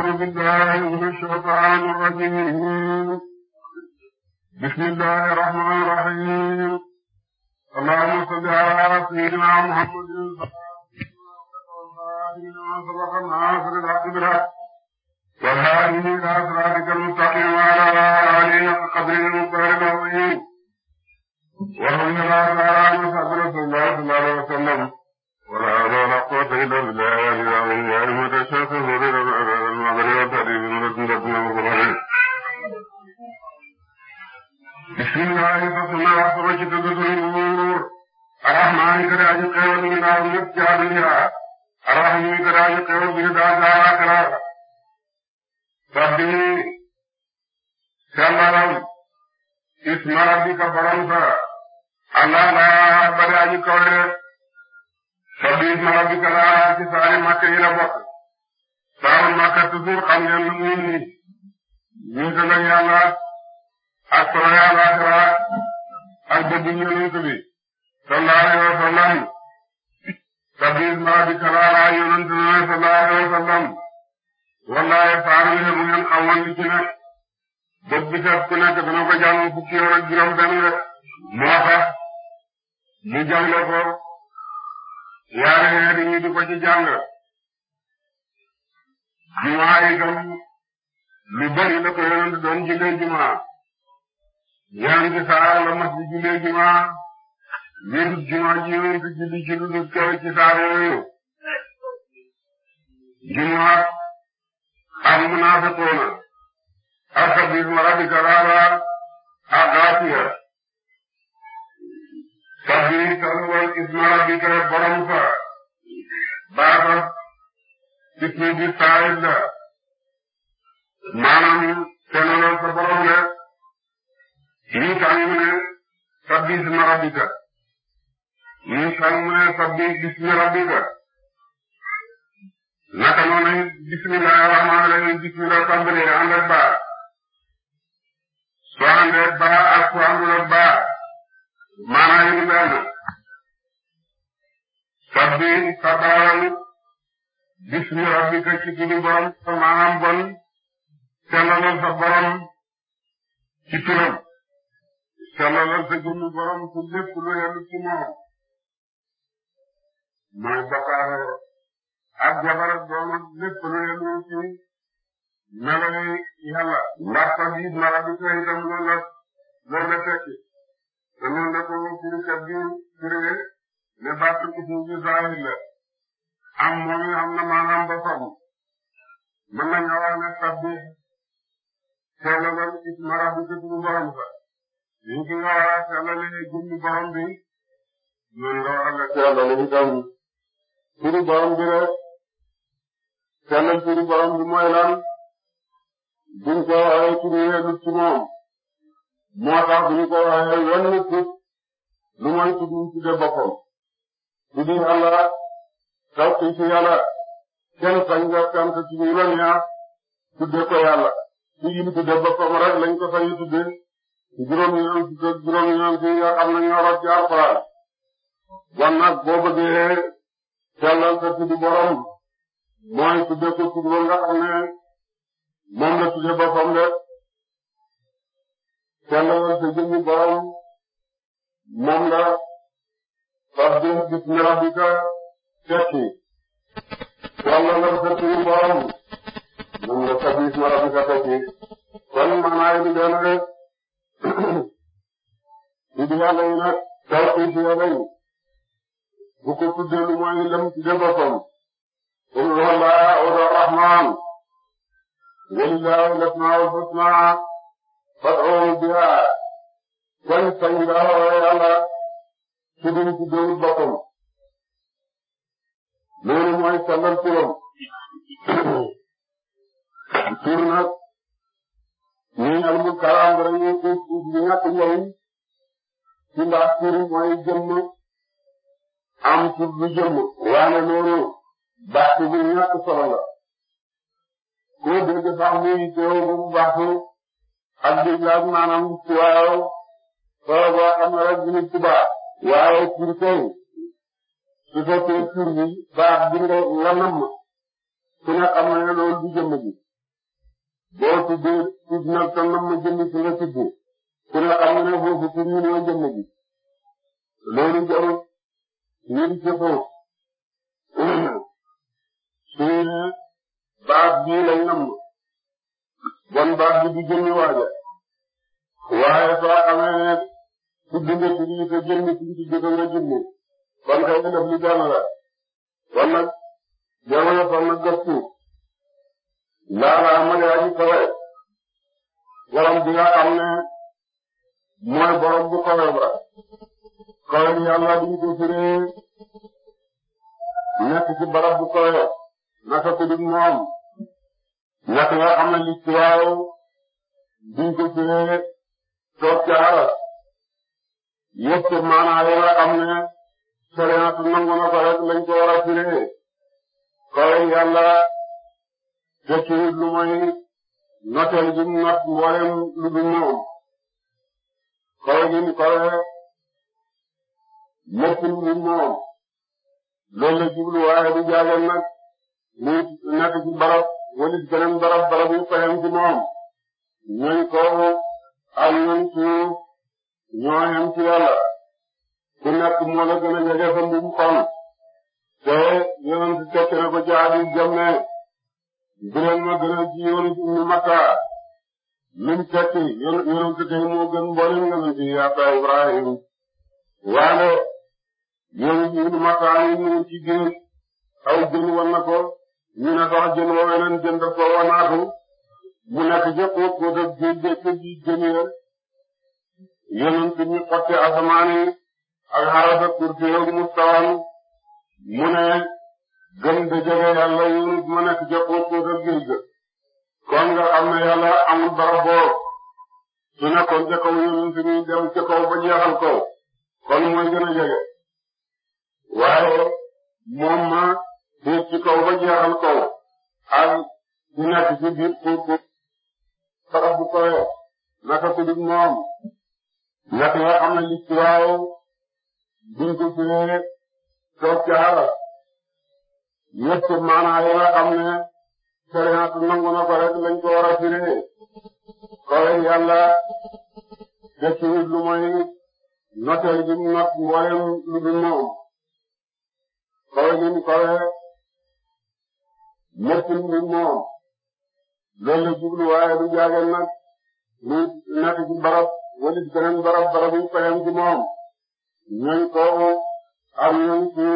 أعوذ بالله من الشيطان الرجيم بسم الله الرحمن الرحيم اللهم صل على سيدنا محمد صدق الناصر الأكبر والهادي إلى صراطك المستقيم وعلى آله حق قدره المقتدر العظيم وهم على آله وصحبه رسول الله صلى الله عليه وسلم ولا حول ولا قوة إلا بالله العلي العظيم bismillaahi fas na wax sama ci dëgg sunu nguur arrahmaani ka daaji xewal mi naaw ñëpp jaadu yaa arrahmaani ka daaji xewal mi daal daaraakala sabbi sallalam isma rabbika borom sa allah laa ba daaji kawe sabbi isma rabbika laa ci saari makka yi la bokk saari makka toujours xam ngeen lu muy ni ñu sa lañ yàlla ak solo yàlla ak ak dëgg yonent bi sallallahu alayhi wa sallam tabis ma bi kalaala yonent bi sallallahu alayhi wa sallam wallahi faanu ne mu ngeen xamoon li ci nekk bët bi sax ku nekk dana ko jàng fukki yoon ak juróom benn rek moo tax ñu jàng ko yaare xeet yi di ko ci jàng jumaa itam lu bari la ko yonent doon jullee jumaa ñaari saar la mas di jullee juma wéru juma ji yonent julli ci lu dul kawe ci saar yooyu juma al munaafiquuna arka biir ma rabbi karaara agaatiya sabbi talwal isma rabbika borom fa baata ismi bi saayid la maanaam tenalal sa borom la Muusaa mu ne sabbi isma rabbika Muusaa mu ne sabbi isma rabbika naka noonu bismillah rahmaan rahim bismillah tàmbali ànd ak baa soo àndee ak baa ak soo àndul ak baa maanaam yëngu benn sabbi sabaaral bismi rabbika ci turu borom maanaam bon sellaloon sa borom ci turam sellalal sa jëmmi borom ci lépp lu yellu ci moom mooy bokkaale ak jabarat doom ak lépp lu yellu ci melali yàlla ndax sax it mala bi koy itam loolu la loolu la tekki te loolu la ko firikat bi firee ne bàtt ku fi ci zahir la am moom it am na maanaam ba fam mën nañu wax ne sabbi sellalal it mala bi ci suñu borom sax ni ñu war a sellale jëmmi borom bi noonu nga war a sellale itam turu borom bi rek sellal turu borom bi mooy lan buñ ko waxee turu yellu ci moom moo tax buñ ko waxee wenn nit lu mooy tudd ñu tudde boppam tuddi yàlla taw ki ci yàlla kenn sañ nga sant ci ñu la neex tudde ko yàlla ci ñu tudde boppam rek lañ ko sañu tudde juróomi ñaar fukk ak juróomi ñaar ñoo rot ci alxuraan wan nag boo bëggee sellal sa tudd borom mooy tudde ko tudd ba nga xam moom la tudde boppam de sellalal sa jëmmi moom la sabbih bismi rabbika tekki sellalal sa tudd moom la sabbih bismi rabbika tekki kon maanaam yi du doon rek di diwalla yi nag tawxiid diwalla yi bu ko tuddee lu mooy lëm tudde boppam qul huwallaahu ar-rahmaan walillaahi al-asmaa'ul husnaa fad'uuhu bihaa kon sañ daa woowe yàlla ci duñ tuddewul boppam loolu mooy sallal turam tur nag ñun albu kalam rek ñu ko ñu ñàkk njëriñ ci ndax tur mooy jëmm am tur du jëmm waaye loolu baax bu ñàkk solo la ko dégg sax muy teew bu baax ak dégg ak maanaam ci waaw solo boo xam ne rek ñu ci baax waaye tur kay su fekkee tur bi baax bi nga nga namm ku ne xam ne loolu du jëmm bi boo tuddee tudd nag te nam na jënd ci nga tudd ci nga xam ne foofu ci ñu ne jënd ji loolu jarul ngir jëfoo suy baat bii lay nam bon baat bi di waaja waaye soo amee ne tudd nga tudd yi te jënd ci ci jënd nga jënd kon kay def li jàmm la kon nag jarul fan nag gëstu yàlla mooy aji kawe borom bi nga xam ne mooy borom bu kawe ba kawe yàlla duñ ko firee nekk ci barab bu kawe naka ko dug moom nekk nga xam ne ci waaw duñ ko firee toog ca aras yëpp maanaa yi nga xam ne soriwaatul nangu na ko rek lañ ko war a firee kawe yàlla. tekkiwut lu moy noteel gi mu not mboolem lu dul moom kawe gi mu kawe lépp lu dul moom loolu la jublu waaye du jaagoon nag mu nekk ci barab wala ci beneen barab barab yu fayam ci moom ñooñ kaw ak ñooñ suuf ñoo yem ci yàlla ku nekk moo la gën a jege sa mbubu xonn te yoon si tekki na ko jaabi jam ne gënal ma gënal ci yoonu ñu Makka min tekki yoonu yoonu te tey moo gën mboolem yoonu ci yaata Ibrahim waale yoonu ñu Makka yi ñu ci géej aw jën wan na ko ñu ne sax jën woo weneen jën daf ko wanaatu mu nekk jëpp ko def géej géej gi jën ya yoonu te ñu xotti asamaan yi ak xarasa kurti yoonu mu tawan mu ne gëm di jege yàlla yi mu nekk jokkoog kóotal géej ga. kon nga xam ne yàlla amul barab boo su nekkoon ca kaw yonent bi dem ca kaw ba jeexal kaw kon mooy gën a jege waaye moom ma déet ci kaw ba jeexal kaw ak di nekk ci biir pour pour barab naka ku moom naka nga xam ne li ci waaw duñ ko firee toog ca ñëpp maanaa yi nga xam ne sariat na ko rek lañ ko war a firi kore yàlla defiwut lu moy noteel gi not mboolem lu dul moom kore gi mu kore ñëpp moom loolu la jublu waaye du jaageel nag mu nekk barab wala ci beneen barab moom ñooñ kooku am ñooñ ci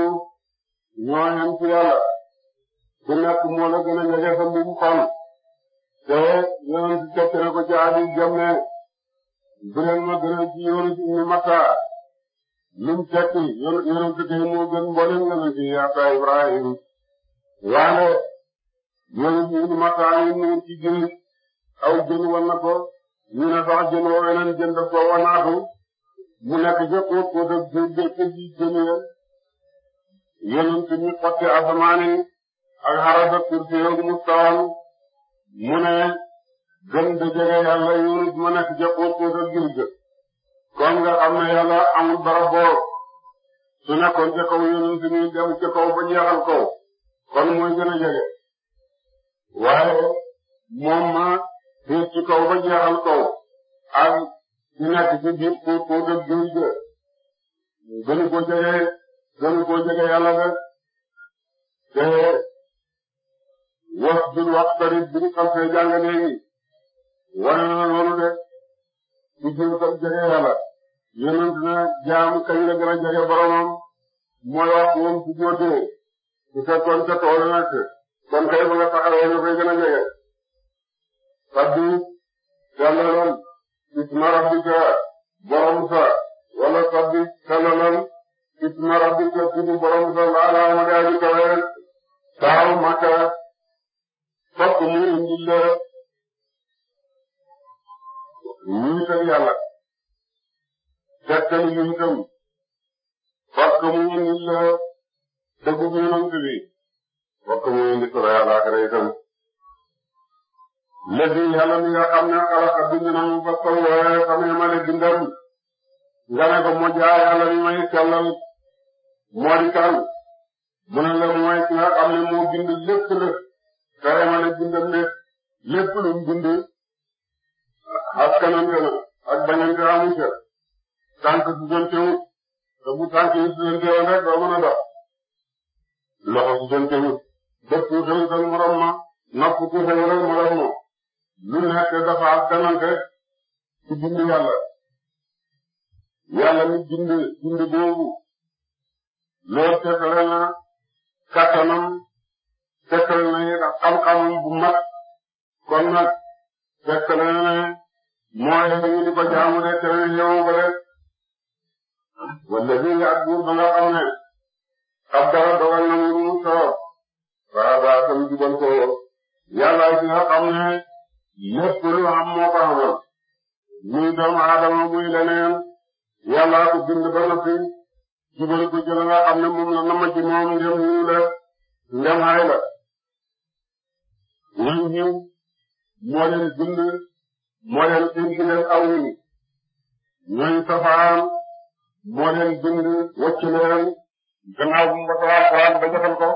ñoo yem ci jënnaat bu moo la gën a njëkkee sa mbubu xonq te yonent bi fekk na ko ci Aliou jëm ne bëleel ma gën a ci yonent ibn Matta lim fekk yonent bi moo gën mboolem yonent yi ata Ibrahim waale yonent ibn Matta ñu ci gën aw jën wan na ko ñu ne sax jën woo weneen jën daf ko wanaatu mu nekk ca kóot kóot ak jën jën jën yonent bi xotti asamaan yi ak xarafa kursiyoog mustawaam mu ne gën da jege yàlla yunit mu nekk ja xuut xuutal girg kon nga xam ne yàlla amul barab boo su nekkoon ca kaw yunit ni dem ca kaw ba jeexal kaw kon mooy gën a jege waaye moom ma xiir ci kaw ba jeexal kaw ak ci nekk ci biir xuut xuutal girg gënu ko jege gënu ko jege yàlla de te wax dëgg wax bëri bi ñu xam see jàng léegi wane na loolu de ku jëm ko jege yàlla yonent na jaamu kañ la gën a jege boromam mooy wax moom bu jóotee su fekkoon ca tool nag kon kay ba nga taxawee ñu koy gën a jege. sabbi sallalan isma rabbika borom sa wala sabbi sallalan isma rabbika tudd borom sa laala ma gaa ji kawe taaw makka alhamdulilah ñu ngi tënk yàlla jàkkali ñu ngi tënk parce que mu ngi la dëggu bi yonent bi parce que mu ngi tënk yàlla ak rëy itam léegi yàlla mi nga xam ne xalaat ak bind nañu ba taw waaye xam ne ma leen bindal nga ne ko moo jaay yàlla mi may kàllal moo di kan mu ne la mooy ki nga xam ne moo bind lépp la. te ma leen bindal lépp lépp lu mu bind la ak bañante amu ca tànk su bu tànk yi su rek doo mën loxo su jëntewut bët ku xëytal morom ma nopp ku xëytal morom ma lu nekk dafa ak kanante ci bind yàlla yàlla mi bind bind boobu loolu tekkale na kattanam tekkale kon nag fekk na ne mooy ñu di ko jaamu de te yow ba de wala lii ak buur ba nga xam ne ab dara dogal na mu lu mu soor waaw waaw tam jubal ko yàlla ci nga xam ne lépp lu am moo ko xamal muy doomu aadama muy leneen yàlla ko bind ba noppi jubal ko jël nga xam ne moom la nama ci moom ndem yiw la ndem ay la ñun yiw moo leen bind moo leen indi aw yi ñooy safaan moo leen bind wëcc leen gannaaw bu mu ba alxuraan ba jotal ko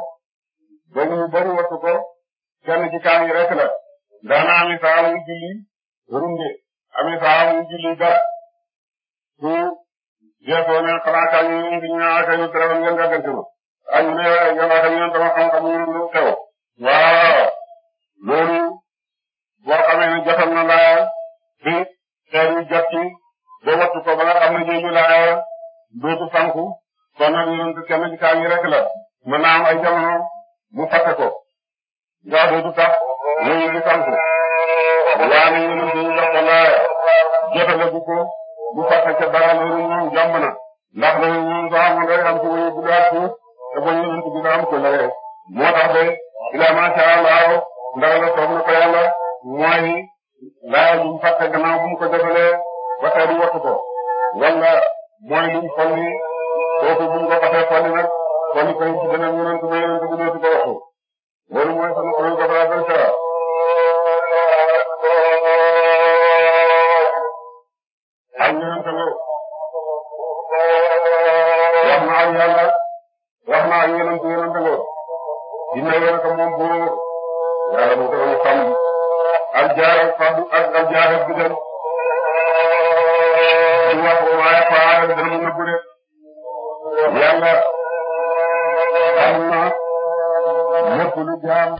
ba mu bari wattu ko ci kaam yi rek la daana ami saa mu julli runde ami saa mu julli dara su jeexoo ne xanaa kaam yi ñu ñaa kañu tere ngeen gàggante ma ak ñu ne yàlla kañu sama xam-xam yi ñu xamee ne jotoon na laaya bi xeer yi jot ci wattu ko ba nga xam jooju laaya dootu sanku kon nag yonent kenn ci kaam yi rek mën naa am ay jamono mu ko ndax dootu tax yooyu du sanku waaye nag yonent yi jox ko laaya jotalagu ko bu fàtte ca dara loolu moom jàmm na ndax loolu moom soo amoon rek moo tax de ila ma sha Allah ndax la soog na ko mooy laay bu mu fàtte gannaaw bu mu ko defalee ba tey du wattu ko wala mooy lu mu xolli kooku bu mu ko xasee xolli nag xolli koy ci beneen yonent ba yonent bi dootu ko waxtu loolu mooy sama xolli ko fa bal sara ak yonent la wax na ak yàlla wax na ak yonent yonent la dina yonent moom bu yàlla mu ko xam aljaar ak faabu ak aljaar ak bidal ci wax waaye faa dana mu nëbbu de yàlla am na lépp lu jaam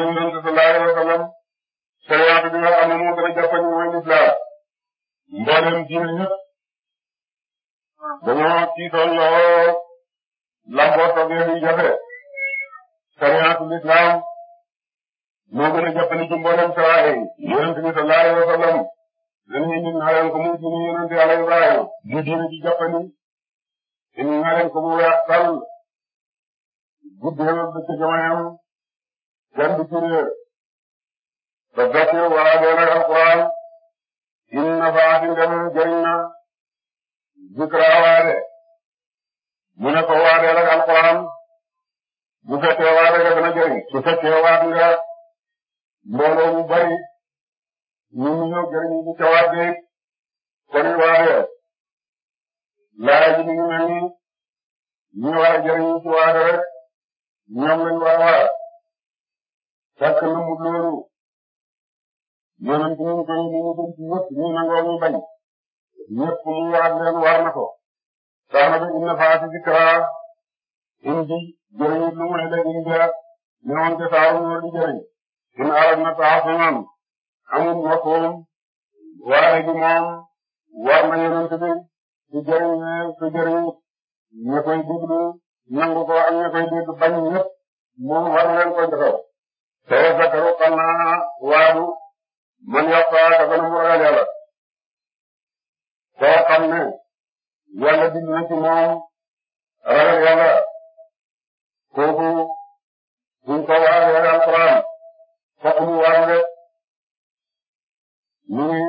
ñoom yonent sallallahu alayhi wa sallam sariyaat bi nga xam ne moo a jàppandi mooy lislaam mboolem diine ñëpp dañoo tiitoon lool lamboo toggee luy jafe sariyaatu lislaam moo gën a jàppandi ci mboolem saraay yonent bi sallallahu alayhi wa sallam lan ñu ñun xalen ko muy diine yonent yàlla Ibrahima di diine ci jàppandi ñun xalen ko mu weex tal guddee firnde te Bachir wala doon ak alquran in na faa fi ndem jëriñ na zikra waade mu ne ko waadeel ak alquran bu fekkee waade nga dana jëriñ su fekkee waat nga mbooloo mu bari ñun ñu ñëw jëriñ bu ca waade kon waade laaj bi ñu mel ni ñu war a jëriñ ci waade rek ñoom lañ war a waat fekk na mu loolu yonent bi ñu koy ñu gën ci ñëpp ñu nangoo ñu bañ ñëpp mu wax ak leen war na ko daanaka inna faati zikra indi jëriñu lu mu la indi ñëwoon te saa wu ñu di jëriñ in arad na saa su ñoom amul waxoon waaye gi moom war na yonent bi su jëriñee su jëriñ ña koy déglu nangu ko ak ña koy dégg bañ ñëpp moom war leen ko joxe te zakaru xam naa waadu man yaqaa dafa nu mu ragal yàlla koo xam ne yàlla bind na ci moom ragal yàlla kooku buñ ko waajee alquran fokk mu waadu de ñu ngi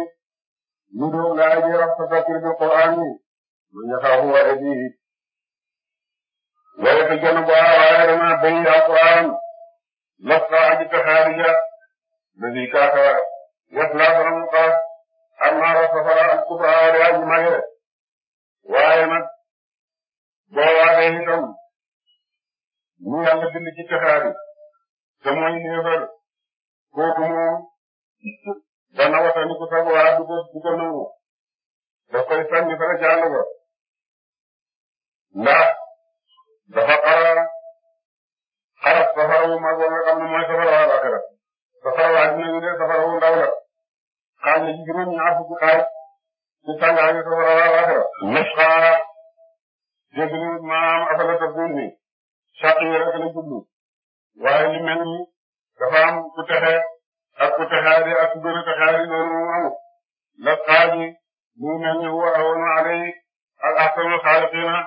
ñu doon laaj yi rafetlu bi quran yi man yaqaa huwa radihi loolu ci gën bu waaye dama béy alquran yasla aji texaari ja ladi kaafara yasla dana mu xaas safara ak kubra de aji mage waaye nag boo waxee itam ñu yàlla bind ci texaari te mooy néefar kooku moom dana watani ku sag waa du ko du ko nangu daf koy sànni fara jàll ba ndax dafa safara wu mag wa nga ci juróom-ñaar fukki xaaj ci tàngaay bi safara waa waxee. Nasra dégg nga maam afala tabbuun ni sàq yi rek la jublu waaye li mel ni dafa am ku texe ak ku texaari ak ku gën a texaari loolu moom amul la xaaji muy mel ni huwa ahwanu alay ak ahsanul xaaliqiina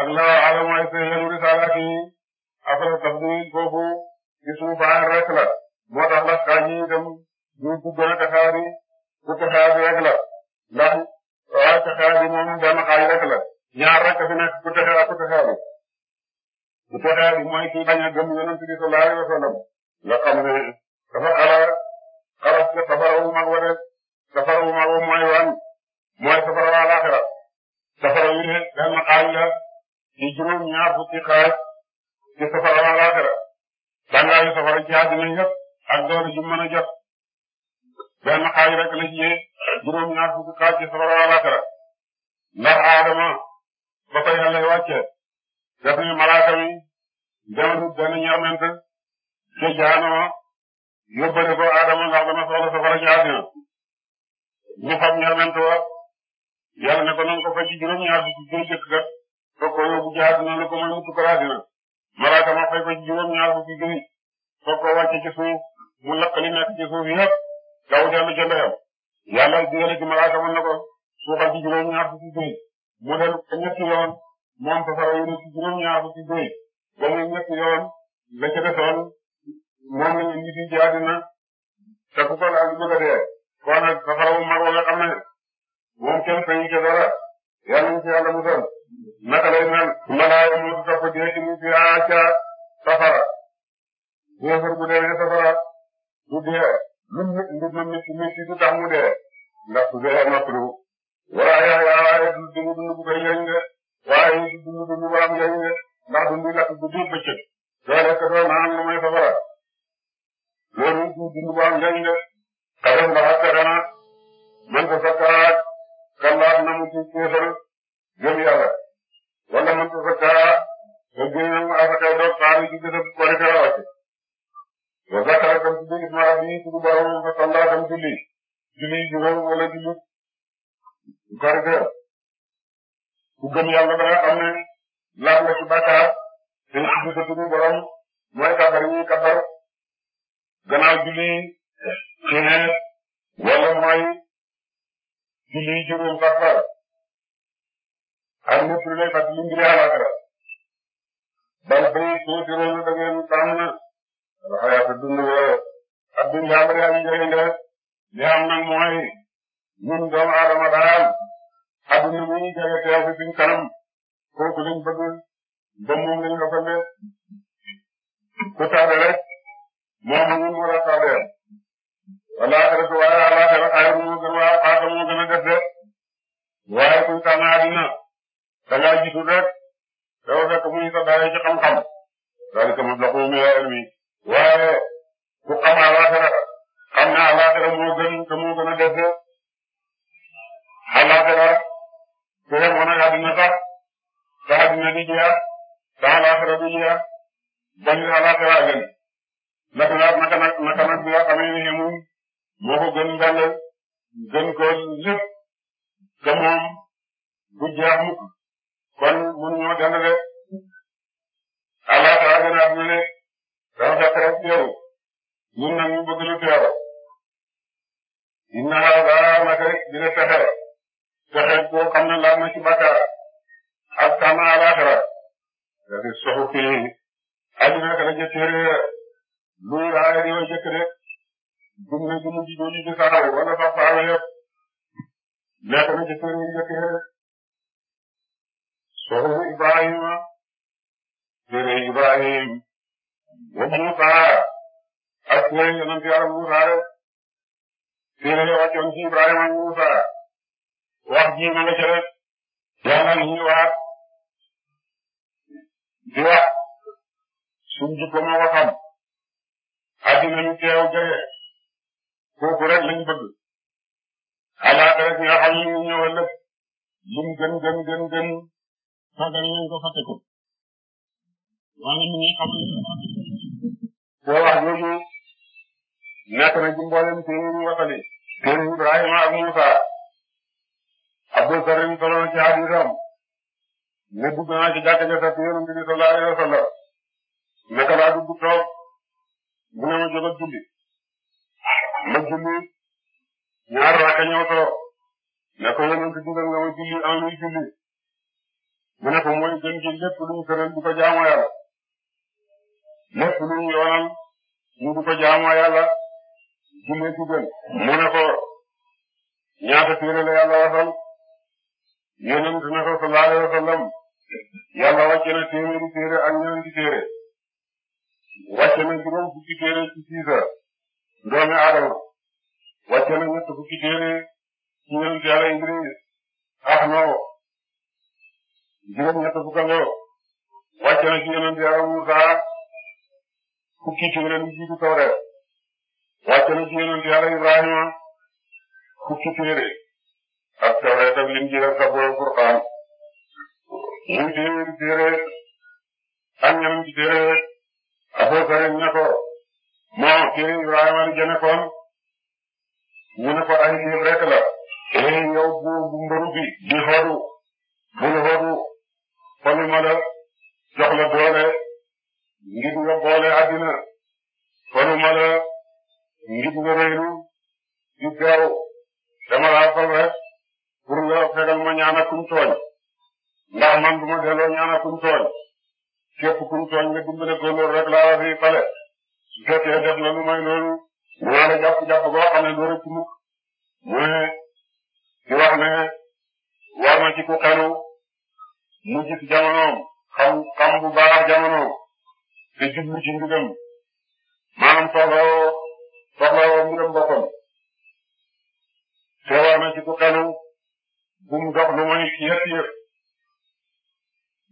ak la alamu ay seyenu risaalaati yi afala tabbuun foofu ismu faa'il rek la moo tax la xaaji itam muy ku gën a texaari bu taxaw bi rek la ndax waaw taxaw bi moom benn xaaj rek la ñaar rek fi nekk bu taxaw ak bu taxaw bi bu taxaw bi mooy kii bañ a gëm yonent bi sallallahu alayhi wa sallam nga xam ne dafa xalaat xalaat ko safara wu mag wa de safara wu mag wa mooy wan mooy safara wa alaxira safara wi ne benn xaaj la ci juróom ñaar fukki xaaj ci safara wa alaxira tàngaayu safara ci àddina yëpp ak door ju mën a yi rek la juróom ñaar fukki ci safara alaxira ndax Adama ba koy Yàlla wàcce def ni malaaka mi dematu benn ñerment ca jaanama yóbbale Adama ndax dana soxla safara ci àddina ñu xam wa Yàlla ne ko nang fa ci juróom ñaar fukki gën jëkk ga soo ko yóbbu ci ma fay ko ci juróom ñaar fukki gën ci suuf mu lakk li ci suuf yëpp jaww ji àll ca ndeyam yàlla digale ci malaaka mën na ko suuxal ci juróom-ñaar fukki béy mu dellu ko ñetti yoon moom safara yi ci juróom-ñaar fukki béy ba muy ñetti yoon la ca desoon moom lañu indi fi jaadi na te ku ko laal bëgg a dee safara bu mag wa nga xam ne moom kenn fayu ca dara yàlla ñu ci yàlla mu doon naka lay mel safara bu yëfër ñun ñëpp ñu mën na ci mën ci tax mu dee ndax su dee noppalu waaye waaye du dund dund bu koy njëriñ la waaye du dund dund bu am njëriñ la ndax dund lakk guddi bëccëg loolu est ce que doo naan lu may safara loolu du dund bu am njëriñ la xaral ndax ak dana man ko sakkaat kàllaat na mu ci kéefal gëm yàlla wala man ko sakkaat te gën a asakay doog xaaru ci gësëm ci suñu borom nga sàllaa dem julli julli juróom wala julli korite ku gëm yàlla da nga xam ne laaj nga ci bàkkaar te ñu tudd sa suñu borom mooy kabar yi kabar gannaaw julli xëy wala mooy julli juróom sax far ak lépp lu lay fàttali mbiri àllaaxira bal fay soo si roon da ngeen tànn na. ak du njàmbare ak njëriñ la li am nag mooy ñun doomu aadama daal adduna bi ñu jege teew fi suñ kanam kooku lañ bëgg ba moom lañ ko fële ku tardé rek moom ñun moo la tardé wala xaratu waaye alaxira xayru moo gën waa xaata moo gën a def de waaye kuy tànn adduna da ngaa jiitu rek dafa fekk muy sa daay ci xam-xam daal di ko mën a dox mu mi waaye ku xam alaxira xam ne alaxira moo gën te moo gën a dese alaxira su yemoon ak àddina sax te àddina di jeex te alaxira du jeex bañ alaxira gën naka naka naka nag bi nga xamee ni moom moo ko gën ndàlle gën ko lépp te moom du jeex mukk kon mënuñoo dendale alaxira gën a àddina ne dafa fekk rek yow ñun nag ñu bëgg lu teew inna laa naka dina texe texe boo xam ne laal na ci bàkkaar ak kàmm alaaxira dafa soxu kii àddina ka la jëkk réer lu raaya di way jëkk rek dum na du mujj jooju di soxu Ibrahima téere Ibrahim wa Muusaa ak téere yonent Yàlla Muusaa rek téere ya wàccoon ci Ibrahima ak Muusaa wax ji ma nga ca rek Yàlla ñuy wax di wax suñ jikko moo ko xam addina ñu teew jege kooku rek lañ bëgg alaaka rek nga xam ñu ñëwal lépp lim gën gën gën gën sagal nañ ko fàtte ko waaye ñu ngi xam boo wax jooju nekk na ci mboolem téere yu waxali téere Ibrahima ak Moussa Abdou Karim solo na ci hadiisam ne dugg naa ci jàkka ja sax yonent bi sallallahu alayhi wa sallam mu ne ma jógal julli ma julli ñaar raaka ñëw toog ne ko yonent digal nga ma julli mu ne ko mooy gën ci lépp luñ tëral di ko jaamoo yàlla lépp luñ yoonal ñu di jullee ci gën mu ne ko ñaata téere la yàlla waxal yonent na ko sallallahu alayhi wa sallam yàlla wàcce na téeméeri téere ak ñeenti téere wàcce na juróom fukki téere ci siisa doomi aadama wàcce na ñett fukki téere ci yonent yàlla Idris ah no juróom ñett fukk ak wàcce na ci yonent yàlla Musa fukki téere lu jiitu Tawreet wàcce na ci yonent yàlla Ibrahima fukki téere ak tawreet ak lim jëlal sa borom Qur'an muy téere téere ak ñam ci téere Abuu Sarr ne ko moo téere Ibrahima di jëne kon ñu ne ko ay liir rek la ee eh, yow bu bu mbëru bi di xoodu bul xoodu faluma la jox la doole ngir nga boole àddina faluma la njub nga réeru ju gaaw dama laa fal rek pour nga fegal ma ñaan ak kum tooñ ndax man duma delloo ñaan ak kum tooñ képp kum tooñ nga dimbale ko loolu rek laa war a fale su fekkee def na lu may loolu dinaa la jàpp jàpp boo xam ne doo rëcc mukk mu ne di wax ne war na ci ku xelu mu gis jamonoom xam xam bu baax jamonoom te jublu ci ndigam maanaam soxla soxlawoo mbirum boppam teewoo na ci ku xelu bu mu dox lu muy yëf yëf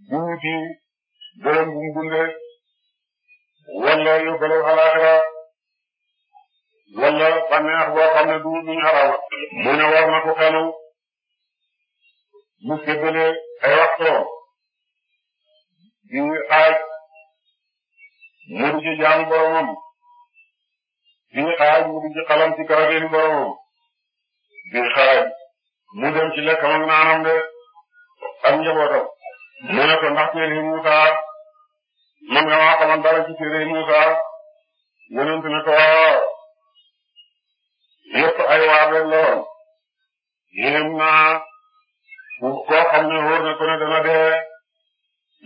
bu ñu ci gërëm bu mu dundee wala yóbbalu alaxira wala bànneex boo xam ne du duñu xaraama mu ne war na ku xelu mu séddale ay waxtoo di aaj mu di ci jaamu boromam di xaaj mu xalam ci garab yi boromam di xaaj mu dem ci lekkam ak naanam de ak njabootam mu ko ndax téere Musa man nga maa xamal dara ci téere Musa yonent ne ko waaw ay waar rek la woon yéem naa xam ne wóor na ko ne dana dee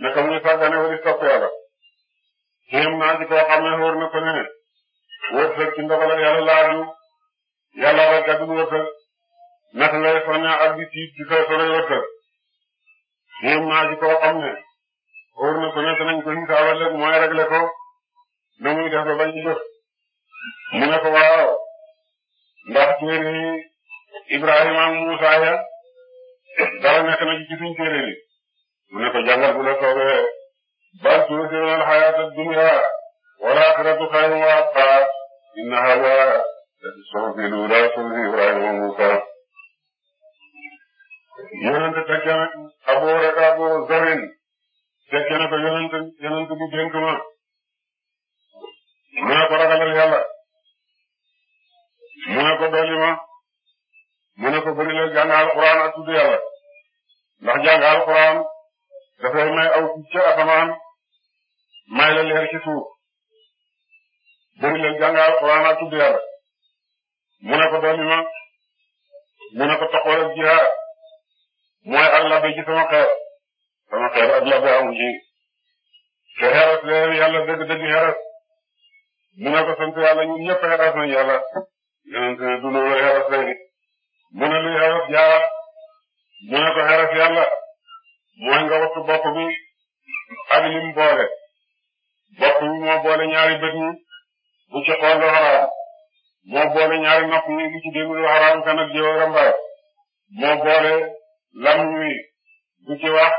naka muy sàggane wala sopp Yàlla yéem naa ci koo xam ne wóor na ko ne wërsëg ci ndogalam yàlla laaju yàlla war a gàddu wërsëg naka ngay soññaa ak di tiit ci sa sore wërsëg xéem naa ci koo xam ne óor na ko nekk nañ ko hisaaba léegi mooy réglé ko na muy def ba bañ bës mu ne ko waaw ndax téere yi Ibrahima ak Muusa ya dara nekk na ci suñ téere yi mu ne ko jàngal bu la soobee bal tuuti xayaata dunya wala axiratu xayrun wa abqaa inna haaza lafi suhufi l-uulaa suhufi Ibraahiima wa Muusaa yonent fekke na Abu Bakr Abu Zarrin fekke na ko yonent yonent bi dénk ma mu ne ko ragalal Yàlla mu ne ko dolli ma mu ne ko bëri la jàng alquran ak tudd Yàlla ndax jàng alquran dafay may aw ci asamaan may la leer ci suuf bëri leen jàng alxuraan ak tudd yàlla mu ne ko mu ne ko taxawal ak jihaad mooy ak labe ci sama xeer sama xeer ak labe amu ci te xeeras leer yàlla dëgg-dëgg xeeras mu ne ko sant yàlla ñun ñëpp xeeras nañu yàlla yonent du loolu xeeras léegi mu ne luy xeeras jaara mu ne ko xeeras mooy nga wattu bopp bi ak boole bopp bi moo boole ñaari bët ñi bu ci xool lu xaraam moo boole ñaari nopp ni li ci déglu lu xaraam kan ak jëw rambaay moo boole lam wi bu wax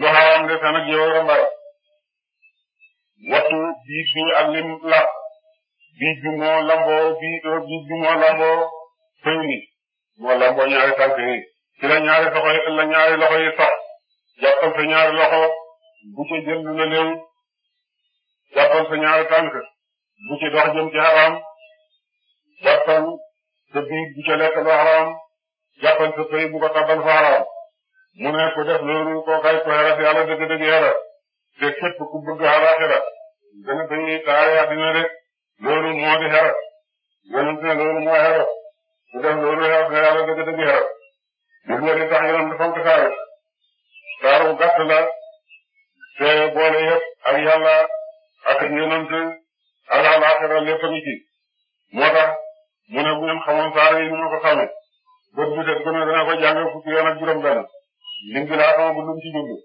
lu xaraam de kan ak jëw rambaay wattu biig bi ak lim la biig bi moo lamboo biig biig bi moo moo lamboo ñaari tànk yi ci ñaari loxo yi la ñaari sa ñaari loxo bu ci jël lu la sa ñaari tànk bu ci dox ci xaram jàppal sa biir bu lu xaram jàppal sa pëy bu fa xaram mu ne def loolu koo kay ko xeras yàlla dëgg-dëgg yàlla te képp ku bëgg alaxira gën a fay taare àddina rek loolu moo di xeras yonent moo xeras ku def loolu xeras nga yàlla dëgg-dëgg xeras gis nga li tax yonent dafa ko saaru saaru te boole yëpp ak yàlla ak yonent alaaxira lépp a ngi ci moo tax mu ne bu ngeen xamoon saare yi ni ma ko xamee bët bi set ko ne dana ko jàng fukki yoon ak juróom benn lim bi laa xamagul lu mu ci jublu